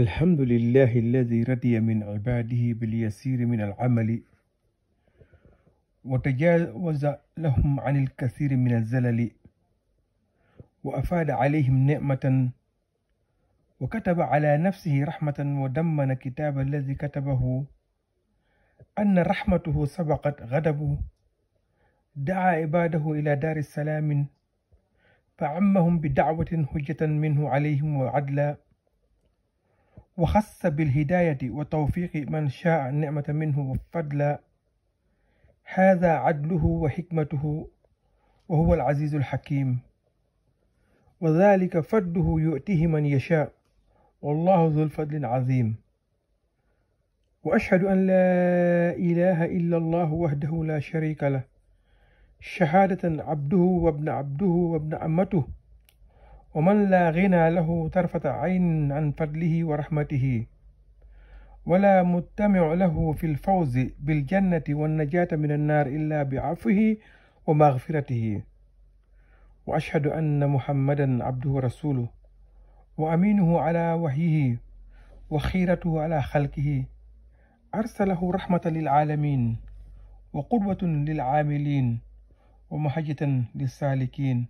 الحمد لله الذي رضي من عباده باليسير من العمل وتجاوز لهم عن الكثير من الزلل وأفاد عليهم نعمة وكتب على نفسه رحمة ودمن كتاب الذي كتبه أن رحمته سبقت غضبه دعا عباده إلى دار السلام فعمهم بدعوة حجة منه عليهم وعدلا وخص بالهداية وتوفيق من شاء النعمة منه والفضل هذا عدله وحكمته وهو العزيز الحكيم وذلك فضله يؤتيه من يشاء والله ذو الفضل العظيم وأشهد أن لا إله إلا الله وحده لا شريك له شهادة عبده وابن عبده وابن أمته ومن لا غنى له طرفة عين عن فضله ورحمته ولا متمع له في الفوز بالجنة والنجاة من النار إلا بعفوه ومغفرته وأشهد أن محمدا عبده ورسوله وأمينه على وحيه وخيرته على خلقه أرسله رحمة للعالمين وقدوة للعاملين ومحجة للسالكين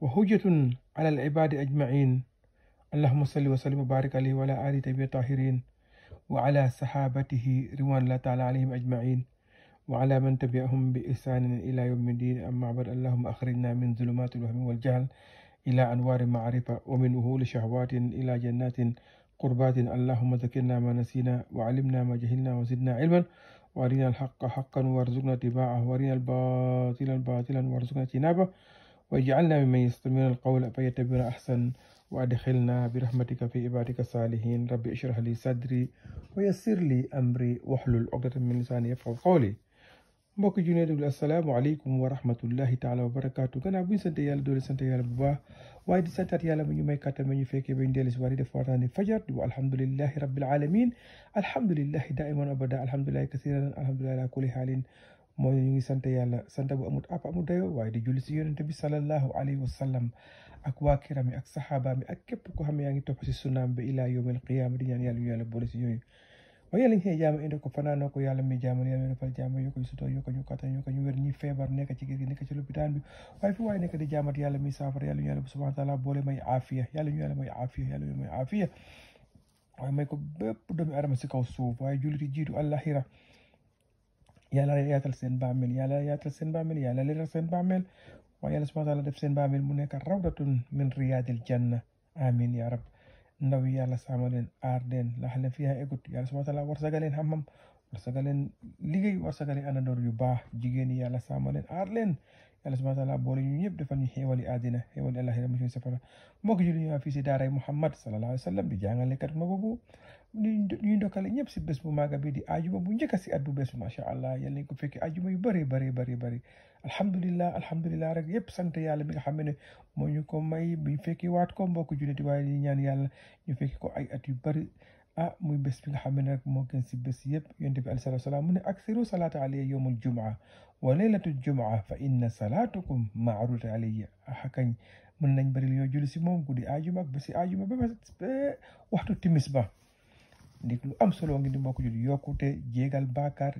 وحجة على العباد أجمعين اللهم صل وسلم وبارك عليه وعلى آل طيبين الطاهرين وعلى صحابته رضوان الله تعالى عليهم أجمعين وعلى من تبعهم بإحسان إلى يوم الدين أما بعد اللهم أخرجنا من ظلمات الوهم والجهل إلى أنوار المعرفة ومن وهول شهوات إلى جنات قربات اللهم ذكرنا ما نسينا وعلمنا ما جهلنا وزدنا علما وارنا الحق حقا وارزقنا اتباعه وارنا الباطل باطلا وارزقنا اجتنابه واجعلنا ممن يستمعون القول فيتبعون أحسن وأدخلنا برحمتك في عبادك الصالحين رب اشرح لي صدري ويسر لي أمري واحلل عقدة من لساني يفقهوا قولي mbokk ju ne déglu asalaamaaleykum wa rahmatullahi taala wa barakaatu gannaaw bu ñu sant yàlla doole sant yàlla bu baax waaye di santaat yàlla ma ñu may kàttan ma ñu fekkee ba ñu dellu si waat def waxtaane fajar di wa alhamdulilahi rabbil alamin alhamdulilahi daiman abada alhamdulilahi kasiran alhamdulilahi ala kulli xaalin mooy ñu ngi sant yàlla sant bu amut app amut dayo waaye di julli si yonente bi salallahu alayhi wa sallam ak waa kiram yi ak saxaabaam ak képp ko xam ne yaa ngi topp si sunnaam ba ilaa yowmal qiyaama di ñaan yàlla ñu yàlla boole si yooyu waaye yàlla ñu xëy jaam indi ko fanaanoo ko yàlla mi jaamal yàlla ci gir gi bi waaye fi waaye nekk di jaamat yàlla mi saafara yàlla ñu boole may aafiya yàlla ñu yàlla may aafiya yàlla ñu may aafiya waaye may ko bépp doomi adama si kaw waaye jullit yi yàlla yaatal seen bàmmeel yàlla yaatal seen bàmmeel yàlla leeral seen bàmmeel waaye yàlla subhaana taala def seen bàmmeel mu nekk rawdatun min riyaadil janna amin ya rab ndaw yàlla saama leen aar leen lax leen fiyaa egut yàlla subhaana taala warsaga leen xam-xam warsaga leen liggéey warsaga leen andandoor yu baax jigéen yi yàlla saama leen aar leen yàlla subhaana taala boole ñu ñëpp defal ñu xéewali àddina xéewali àllaxira mu safara moo si daaray Muhammad sallallahu alayhi wa ñuy ndokkale ñëpp si bés bu maaga bi di ajuma bu njëkk si at bu bés bi macha allah yal nañ ko fekke ajuma yu bëree bëree bëri bëri alhamdulilah rek yëpp sant yàlla mi nga xam ne moo ñu ko may bi fekki waat ko mbokku julliti waaye ñu ñaan yàlla ñu fekki ko ay at yu bëri ah muy bés bi nga xam ne rek moo gën si bés yëpp yonent bi alayhi salaatu salaam mu ne aksiru salaata alayya yowmal jumaa wa laylatul jumaa fa inna salaatukum maaruta alayya xakañ ah, mën nañ bëri ñoo julli si moom guddi ajuma ba si ajuma ba waxtu timis ba ndik lu am solo ngi di mbokk julli yokkute jéegal baakaar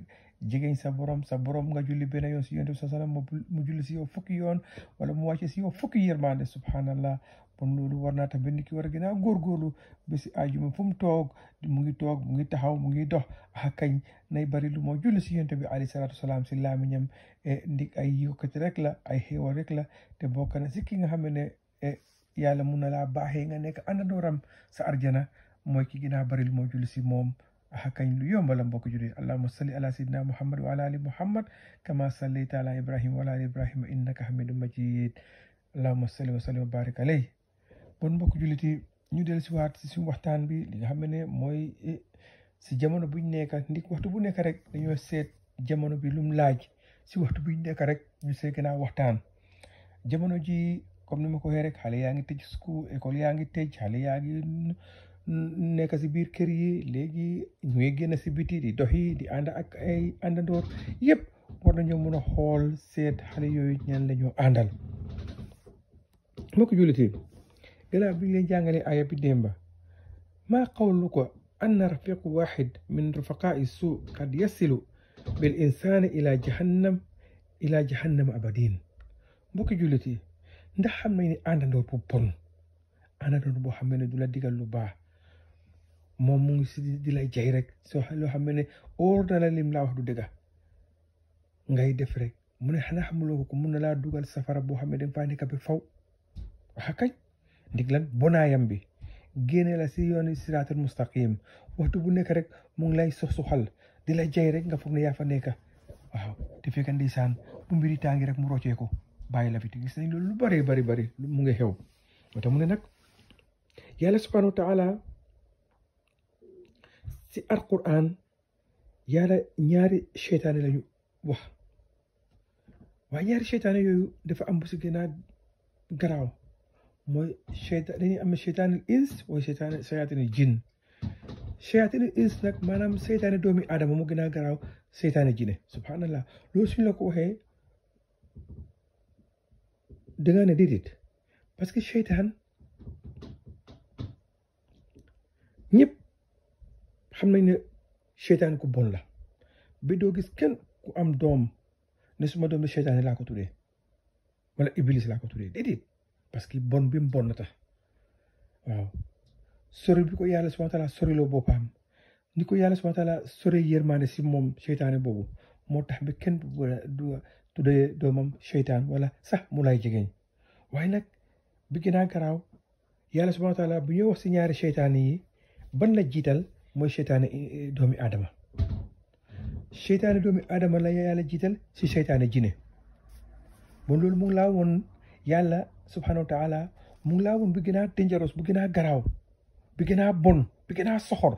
jegeñ sa borom sa borom nga julli benn yoon si yonent bi sa mu julli si yow fukki yoon wala mu wàcce si yow fukki yërmande subhanallah kon loolu war naa tamit nit ki war a gën a góorgóorlu ba si ajuma fu mu toog mu ngi toog mu ngi taxaw mu ngi dox a ah nay bari lu moo julli si yonent bi alayhi salaatu salaam si laamiñam eh, ndik ay yokkati rek la ay xéewal rek la te bokk na si ki nga xam ne eh, yàlla mun na laa baaxee nga nekk àndandooram sa arjana mooy ki gën a baril moo julli si moom ahakañ lu yomb la mbokk jullit allahuma salli ala sayyidina muhammad wa ala ali muhammad kama sallayta ala ibrahim wa ala ali ibrahima innaka hamidum majid allahuma salli wa sallim wa barik alay bon mbokk jullit yi ñu del si waat si suñu waxtaan bi li nga xam ne mooy eh, si jamono buñ nekk ndik waxtu bu nekk rek dañoo seet jamono bi lum laaj si waxtu buñ nekk rek ñu see gën a waxtaan jamono ji comme ni ma ko waxee rek xale yaa ngi tëj school école yaa ngi tëj xale yaa ngi neka sibir kerye legi ñuegena sibiti ɗi dohi ɗi anda ak ay andador yépp wonno ñoo mëna xool seet xale yooyu ñan la ñoo àndal mbokk julliti galaa bi ngeen jàngale aya bi démba ma xawlu ko anna rafiqu waxid min rafaqai su qad yasilu bil insaani ila jahannam ila jahannam abadin mbokki julliti ndax xam nañ ni àndandoor bu bon àndandoor boo xam ne du la digal lu baax moom mu si di lay jay rek soo loo xam ne óor na la lim laa wax du dëgga ngay def rek mu ne xanaa xamuloo ko mun na laa dugal safara boo xam ne danga faa nekk bi faw waxa kañ ndig lan bonaayam bi génne la si yooni siraatal mustaqim waxtu bu nekk rek mu ngi lay sox suxal di lay jay rek nga foog ne yaa fa nekk waaw te fekk ndeysaan bu mbiri tàngi rek mu roccee ko bàyyi la fi te gis loolu lu bari bari bari mu mu ne nag si alquran yàlla ñaari seytaane lañu wax waaye ñaari seytaane yooyu dafa am bu si garaaw mooy seytaan dañuy am seytaane ins waaye seytaane seytaane jin seytaane ins nag maanaam seytaane doomi aadama moo gën a garaaw seytaane jine subhanallah loolu suñu la ko waxee da ngaa ne déedéet xam nañ ne seytaane ku bon la bi doo gis kenn ku am doom ne suma doom ne seytaane laa ko tuddee wala iblis laa ko tuddee déedéet parce que bon bi mu bon na tax waaw sori bi ko yàlla suma taala sori loo boppaam ni ko yàlla suma taala sori yërmaande si moom seytaane boobu moo tax bi kenn bu du tuddee doomam seytaan wala sax mu lay jegeñ waaye nag bi gën a garaaw yàlla suma taala bu ñuy wax si ñaari seytaane yi ban la jiital mooy seytaane eh, eh, doomi aadama seytaane doomi aadama la yàlla jiital si seytaane jinne bon loolu mu ngi laa woon yàlla subhanahu wa taala mu ngi laa woon bi gën a dangereux bi gën garaaw bi gën a bon bi gën soxor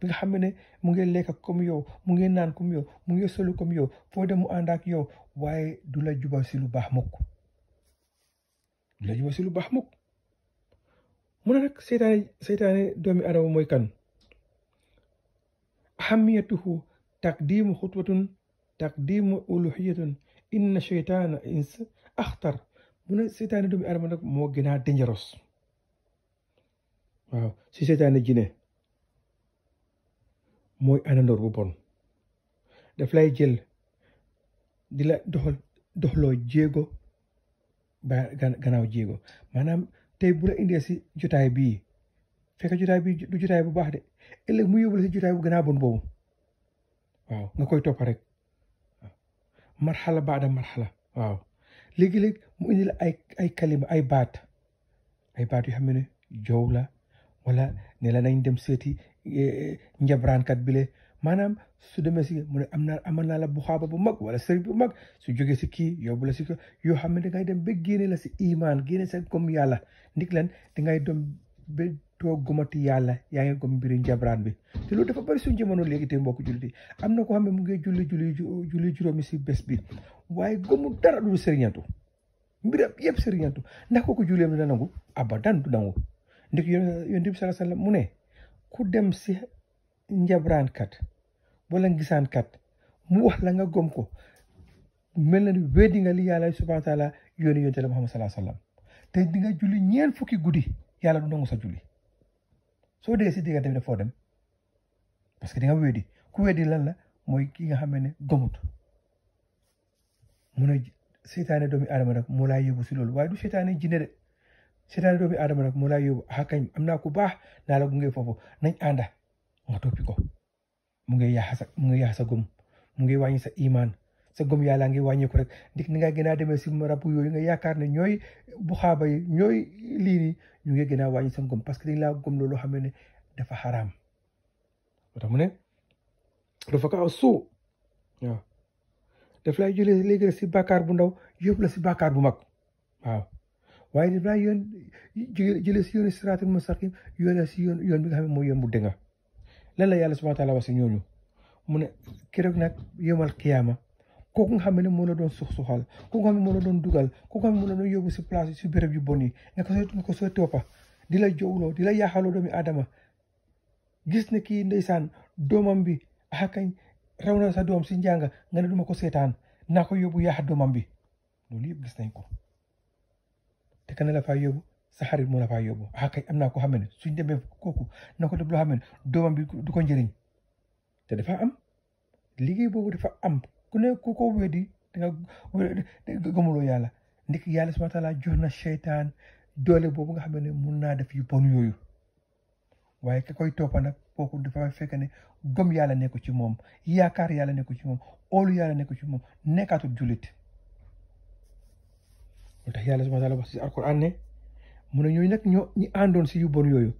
bi nga xam ne mu ngi lekk comme yow mu ngi naan comme yow mu ngi solu kom yow foo dem mu ànd ak yow waaye du la jubal si lu baax mukk du la jubal si lu baax mukk mu ne nag seytaane doomi aadama mooy kan ahamiyatuhu taqdimu xutwatun taqdimu uluhiyatun inna sheytaana ins axtar mu ne seytaane doomu aadama nag moo gën a dangereux waaw si seytaane jine mooy anandoor bu bon daf lay jël di la doxal doxloo jéego ba gannaaw jéego maanaam tey bu la indee si jotaay bii fekk jotaay bi du jotaay bu baax de ëllëg mu yóbbu si jotaay a bon boobu nga koy topp rek marxala baada marxala waaw léegi mu indi ay ay kalima ay baat ay baat yoo xam ne jow la wala ne la nañ dem seeti e, njabraankat bi le maanaam su demee si mu ne am naa amal naa la buxaaba bu mag wala sëriñ bu mag su jógee si kii yóbbu la si ko yoo xam ne dangay dem ba génne la si imaan génne sa comme yàlla ndik lan dangay dem ba too gomati yàlla yaa ngi gom mbiri njabraan bi te loolu dafa bari suñu jamono léegi te mbokk jullit yi am na ko xam ne mu ngi julli julli julli juróomi si bés bi waaye gomu dara du sëriñantu mbiram yëpp sëriñantu ndax kooku julleem dina nangu abadan du nangu ndik yonent bi sallallahu alayhi mu ne ku dem si njabraankat wala gisaankat mu wax la nga gom ko mel na ni weddi nga li yàlla subhanahu wa taala yónni yonent la te di julli ñeen fukki guddi yàlla du nangu sa julli soo dee si diggante bi nag parce que di nga weddi ku weddi lan la mooy ki nga xam ne gëmut mun a seetaane doomi aadama nag moo laa yóbbu si loolu waaye du seetaane jinne de seetaane doomi aadama nag moo laa yóbbu xakañ ah am naa ku baax naa la gunge foofu nañ ànda nga toppi ko mu ngi yaax sa mu ngi yaax sa gëm mu ngi wàññi sa imaan sa gëm yàlla ngi wàññeeku rek ndik ni nga gën demee si rab yooyu nga yakaar ne ñooy bu xaaba yi ñooy lii ñu ngi gën a wàññi sa parce que dañ laa gëm loolu xam ne dafa xaraam moo tax mu ne dafa ko aw suu waaw daf lay jëlee si bàkkaar bu ndaw yóbbu la si bàkkaar bu mag waaye daf lay yoon jëlee si yoon siraatul mustaqim yoon la si yoon yoon bi nga xam mooy yoon bu dënga lan la yàlla subhaana taala wax si ñooñu mu ne keroog nag yomal kiyaama kooku nga xam ne moo la doon suux suuxal kooku nga xam ne la doon dugal kooku nga xam ne moo la doon yóbbu si place si béréb yu bon yi nga ko ko soo toppa di la jowloo di la yaaxaloo doomi aadama gis na kii ndeysaan doomam bi ah kañ raw na sa doom si njàng nga ne duma ko seetaan naa ko yóbbu yaaxa doomam bi loolu yëpp gis nañ ko te kan la faa yóbbu sa xarit moo la faa ah am naa ko xam suñ demee kooku na ko def loo xam ne bi du ko njëriñ te dafa am liggéey boobu dafa am ku ne ku ko weddi da nga gëmuloo yàlla ndik yàlla subhaana jox na seytaan doole boobu nga xam ne mun naa def yu bon yooyu waaye ka koy toppa nag kooku dafa fekk ne gëm yàlla nekku ci moom yaakaar yàlla nekku ci moom óolu yàlla nekku ci moom nekkaatul jullit yàlla subhaana taala wax si alquran ne mu ne ñooñu nag ñoo ñi àndoon si yu bon yooyu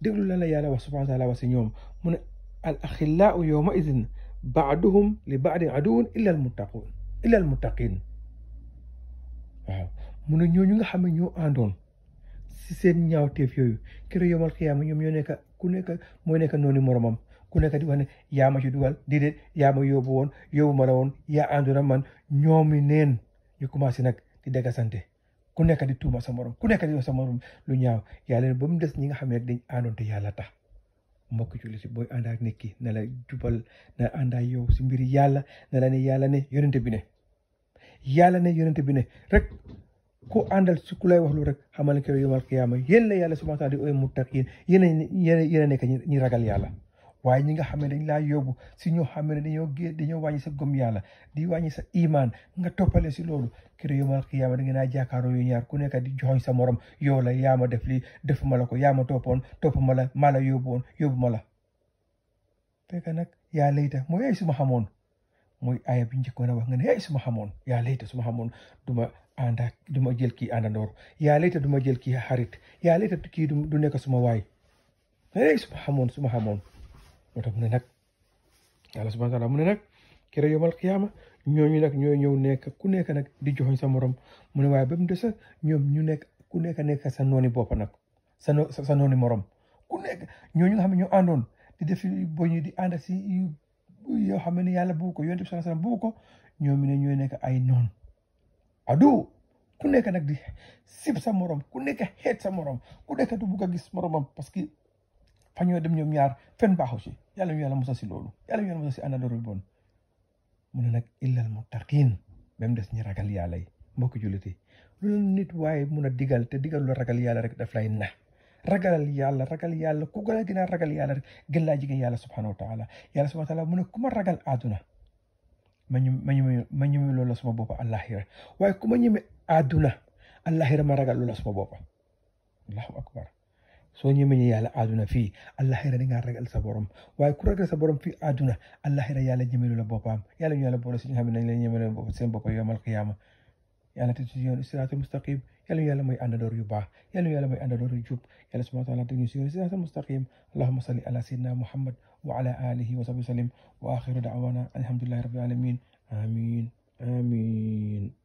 déglu lan la wax subhaana taala wax si idin baaduhum li baadi aduwun illa al muttaqun illa al muttaqin waaw mu ne ñooñu nga xam ne ñoo àndoon si seen ñaaw ñaawteef yooyu kero yomal xiyaama ñoom ñoo ku nekk mooy nekk noonu moromam ku nekk di wax ne yaa ma ci dugal déedéet yaa ma yóbbu woon yóbbu ma la woon yaa àndoon man ñoomi neen ñu commencé nag di dagga sante ku nekk di tuuma sa morom ku nekk di wax sa morom lu ñaaw yàlla ba mu des ñi nga xam ne dañ àndoon te yàlla tax mbokk julliti booy ànd ak nit ki ne jubal na ànd ak yow si mbiri yàlla ne la ne yàlla ne yonente bi ne yàlla ne yonente bi ne rek ku àndal si ku lay wax lu rek xamal ne ko yomal qiyaama yéen la yàlla subhaanahu wa taala di ooy muttaqiin yéen a yéen ñi ragal yàlla waaye ñi nga xam ne dañ laa yóbbu si ñoo xam ne dañoo gé dañoo wàññi sa gëm yàlla di wàññi sa imaan nga toppale si loolu kër yomal xiyaama da ngeen a jàkkaaroo yu ñaar ku nekk di joxoñ sa morom yow la yaa ma def lii defu ma la ko yaa ma toppoon topp ma la maa la yóbbu woon yóbbu ma la fekk nag yaa layta mooy ay suma xamoon mooy aaya bi njëkkoon wax nga ne ay suma xamoon yaa layta suma xamoon duma ànd ak duma jël kii àndandoor yaa duma jël kii xarit yaa layta kii du nekk suma waay suma xamoon suma xamoon moo tax mu ne nag yàlla subhaanahu wa taala mu ne nag kere yomal qiyaama ñooñu nag nekk ku nekk nag di joxoñ sa morom mu ne waaye ba mu des ñoom ñu nekk ku nekk nekk sa nooni bopp nag sa sa nooni morom ku nekk ñooñu nga xam ne ñoo di def bo ñu di ànd si yoo xam ne yàlla bëgg ko yonent bi sallallahu ko ñoom ñu nekk ay noon adu ku nekk nag di sib sa morom ku nekk xeet sa morom ku nekk du bugg a gis moromam parce que fa ñoo dem ñoom ñaar fen baaxu ci yàlla ñu yàlla musa si loolu yàlla ñu yàlla musa si àndandoo bon mu ne nag illal muttaqin ba mu des ñi ragal yàlla yi mbokki jullit yi loolu nit waaye mun a digal te digal lu ragal yàlla rek daf lay na ragalal yàlla ragal yàlla ku gën a gën ragal yàlla rek gën laa jege yàlla subhanahu wa taala yàlla subhanahu wa taala mu ne ku ma ragal àdduna ma ñu ma ñu ma ñeme loola suma boppa allahira waaye ku ma ñeme àdduna allahira ma ragal loola suma boppa سوني من يالا ادونا في الله خير نغا رغال صبرم واي كو رغال صبرم في ادونا الله خير يالا جميل لا بوبام يالا نيالا بونا سيغا خامن نلا نيمال بوب سين بوبا يوم القيامه يالا تيتيون الصراط المستقيم يالا يالا ماي اندور يوبا يالا يالا ماي اندور يوب يالا سبحانه وتعالى تيتيون الصراط المستقيم اللهم صل على سيدنا محمد وعلى اله وصحبه وسلم واخر دعوانا الحمد لله رب العالمين امين امين